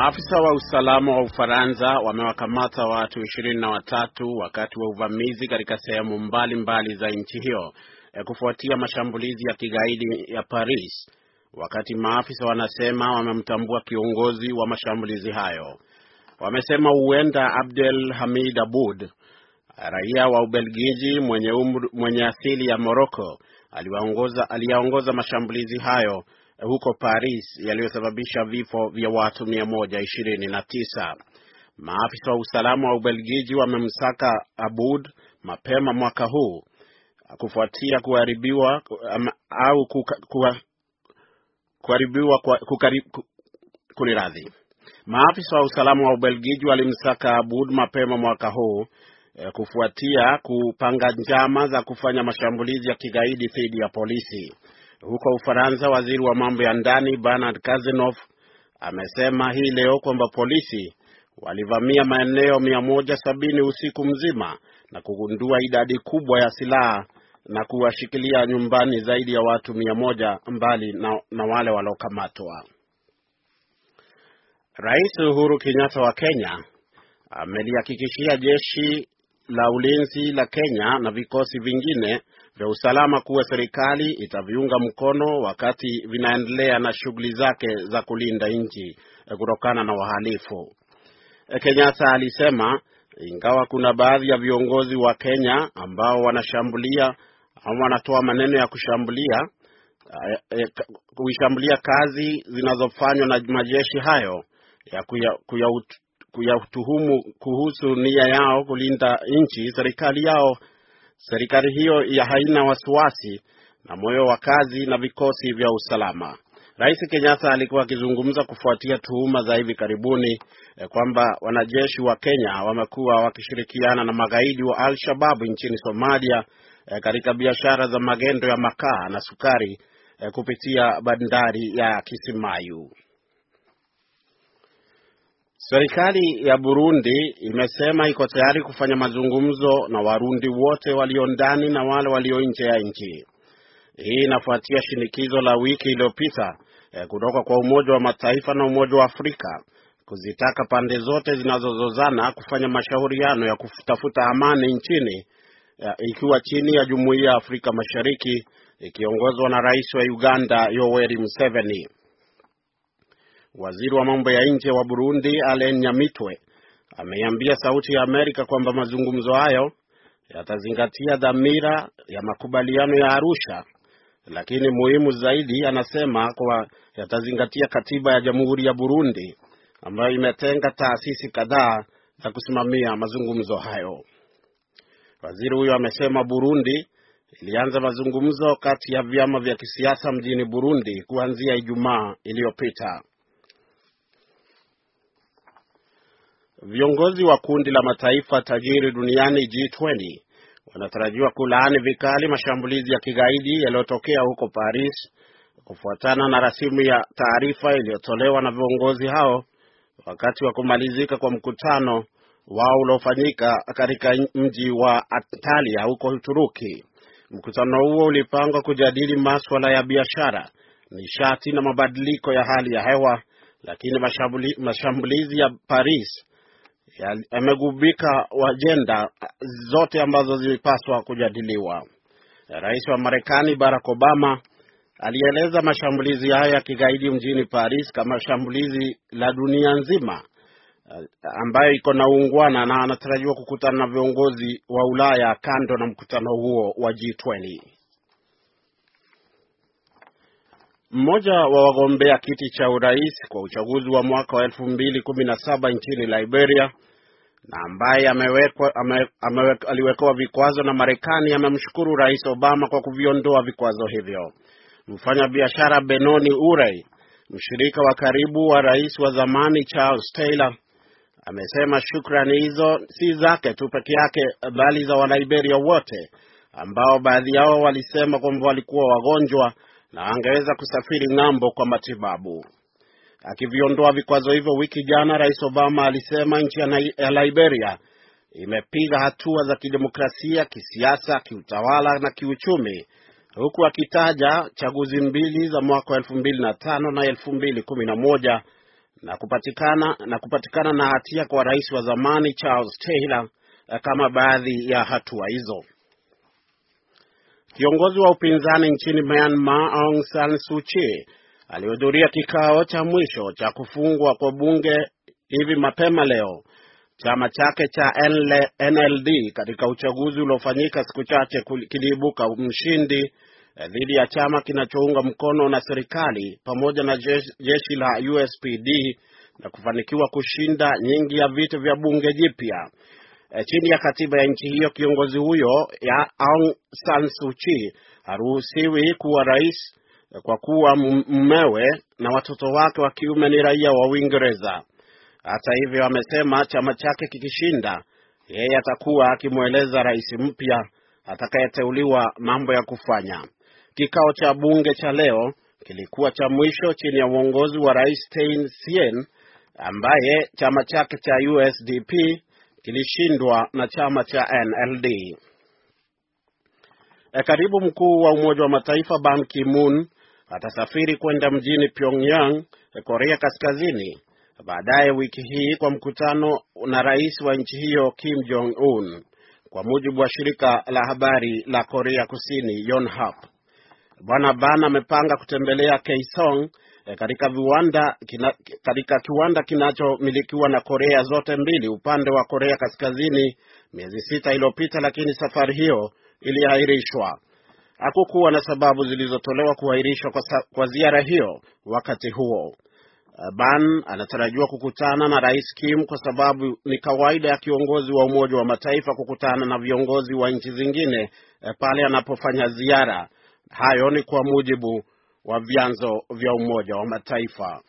Maafisa wa usalama wa Ufaransa wamewakamata watu ishirini na watatu wakati wa uvamizi katika sehemu mbalimbali za nchi hiyo eh, kufuatia mashambulizi ya kigaidi ya Paris, wakati maafisa wanasema wamemtambua kiongozi wa mashambulizi hayo. Wamesema huenda Abdel Hamid Abud, raia wa Ubelgiji mwenye, umru, mwenye asili ya Morocco aliwaongoza aliyaongoza mashambulizi hayo huko Paris yaliyosababisha vifo vya watu 129. Maafisa wa usalama wa Ubelgiji wamemsaka Abud mapema mwaka huu kufuatia kuharibiwa au kuharibiwa kuniradhi. Maafisa wa usalama wa Ubelgiji walimsaka abud mapema mwaka huu eh, kufuatia kupanga njama za kufanya mashambulizi ya kigaidi dhidi ya polisi. Huko Ufaransa, waziri wa mambo ya ndani Bernard Cazeneuve amesema hii leo kwamba polisi walivamia maeneo 170 usiku mzima na kugundua idadi kubwa ya silaha na kuwashikilia nyumbani zaidi ya watu 100 mbali na, na wale waliokamatwa. Rais Uhuru Kenyatta wa Kenya amelihakikishia jeshi la ulinzi la Kenya na vikosi vingine vya usalama kuwa serikali itaviunga mkono wakati vinaendelea na shughuli zake za kulinda nchi eh, kutokana na wahalifu. Eh, Kenyatta alisema ingawa kuna baadhi ya viongozi wa Kenya ambao wanashambulia au wanatoa maneno ya kushambulia eh, kuishambulia kazi zinazofanywa na majeshi hayo ya kuyatuhumu kuya kuya kuhusu nia yao kulinda nchi, serikali yao Serikali hiyo ya haina wasiwasi na moyo wa kazi na vikosi vya usalama. Rais Kenyatta alikuwa akizungumza kufuatia tuhuma za hivi karibuni eh, kwamba wanajeshi wa Kenya wamekuwa wakishirikiana na magaidi wa Al-Shabaab nchini Somalia eh, katika biashara za magendo ya makaa na sukari eh, kupitia bandari ya Kisimayu. Serikali ya Burundi imesema iko tayari kufanya mazungumzo na Warundi wote walio ndani na wale walio nje ya nchi. Hii inafuatia shinikizo la wiki iliyopita eh, kutoka kwa Umoja wa Mataifa na Umoja wa Afrika kuzitaka pande zote zinazozozana kufanya mashauriano ya kutafuta amani nchini eh, ikiwa chini ya Jumuiya ya Afrika Mashariki ikiongozwa na Rais wa Uganda Yoweri Museveni. Waziri wa mambo ya nje wa Burundi Alain Nyamitwe ameiambia Sauti ya Amerika kwamba mazungumzo hayo yatazingatia dhamira ya makubaliano ya Arusha, lakini muhimu zaidi, anasema kuwa yatazingatia katiba ya Jamhuri ya Burundi ambayo imetenga taasisi kadhaa za kusimamia mazungumzo hayo. Waziri huyo amesema Burundi ilianza mazungumzo kati ya vyama vya kisiasa mjini Burundi kuanzia Ijumaa iliyopita. Viongozi wa kundi la mataifa tajiri duniani G20 wanatarajiwa kulaani vikali mashambulizi ya kigaidi yaliyotokea huko Paris kufuatana na rasimu ya taarifa iliyotolewa na viongozi hao wakati wa kumalizika kwa mkutano wao uliofanyika katika mji wa Antalya huko Uturuki. Mkutano huo ulipangwa kujadili maswala ya biashara, nishati na mabadiliko ya hali ya hewa, lakini mashambulizi ya Paris yamegubika ajenda zote ambazo zilipaswa kujadiliwa. Rais wa Marekani Barack Obama alieleza mashambulizi haya ya kigaidi mjini Paris kama shambulizi la dunia nzima ambayo iko na uungwana na anatarajiwa kukutana na viongozi wa Ulaya kando na mkutano huo wa G20. Mmoja wa wagombea kiti cha urais kwa uchaguzi wa mwaka wa elfu mbili kumi na saba nchini Liberia na ambaye amewekwa, ame, ame, aliwekewa vikwazo na Marekani amemshukuru Rais Obama kwa kuviondoa vikwazo hivyo. Mfanyabiashara Benoni Urey, mshirika wa karibu wa rais wa zamani Charles Taylor, amesema shukrani hizo si zake tu peke yake, bali za Waliberia wote ambao baadhi yao walisema kwamba walikuwa wagonjwa na angeweza kusafiri ng'ambo kwa matibabu. Akiviondoa vikwazo hivyo wiki jana, Rais Obama alisema nchi ya Liberia imepiga hatua za kidemokrasia, kisiasa, kiutawala na kiuchumi, huku akitaja chaguzi mbili za mwaka wa elfu mbili na tano na elfu mbili kumi na moja na kupatikana na kupatikana na hatia kwa rais wa zamani Charles Taylor eh, kama baadhi ya hatua hizo. Kiongozi wa upinzani nchini Myanmar Aung San Suu Kyi alihudhuria kikao cha mwisho cha kufungwa kwa bunge hivi mapema leo chama chake cha NLD katika uchaguzi uliofanyika siku chache kiliibuka mshindi eh, dhidi ya chama kinachounga mkono na serikali pamoja na jeshi, jeshi la USPD na kufanikiwa kushinda nyingi ya viti vya bunge jipya. E, chini ya katiba ya nchi hiyo kiongozi huyo ya Aung San Suu Kyi haruhusiwi kuwa rais eh, kwa kuwa mmewe na watoto wake wa kiume ni raia wa Uingereza. Hata hivyo, amesema chama chake kikishinda, yeye atakuwa akimweleza rais mpya atakayeteuliwa mambo ya kufanya. Kikao cha bunge cha leo kilikuwa cha mwisho chini ya uongozi wa rais Thein Sein ambaye chama chake cha USDP kilishindwa na chama cha NLD. E, katibu mkuu wa Umoja wa Mataifa Ban Ki-moon atasafiri kwenda mjini Pyongyang, Korea Kaskazini baadaye wiki hii kwa mkutano na rais wa nchi hiyo Kim Jong Un, kwa mujibu wa shirika la habari la Korea Kusini Yonhap. Bwana Ban amepanga kutembelea Kaesong e, katika viwanda kina, katika kiwanda kinachomilikiwa na Korea zote mbili upande wa Korea Kaskazini miezi sita iliyopita, lakini safari hiyo iliahirishwa. Hakukuwa na sababu zilizotolewa kuahirishwa kwa, kwa ziara hiyo. Wakati huo eh, Ban anatarajiwa kukutana na Rais Kim kwa sababu ni kawaida ya kiongozi wa Umoja wa Mataifa kukutana na viongozi wa nchi zingine eh, pale anapofanya ziara. Hayo ni kwa mujibu wa vyanzo vya Umoja wa Mataifa.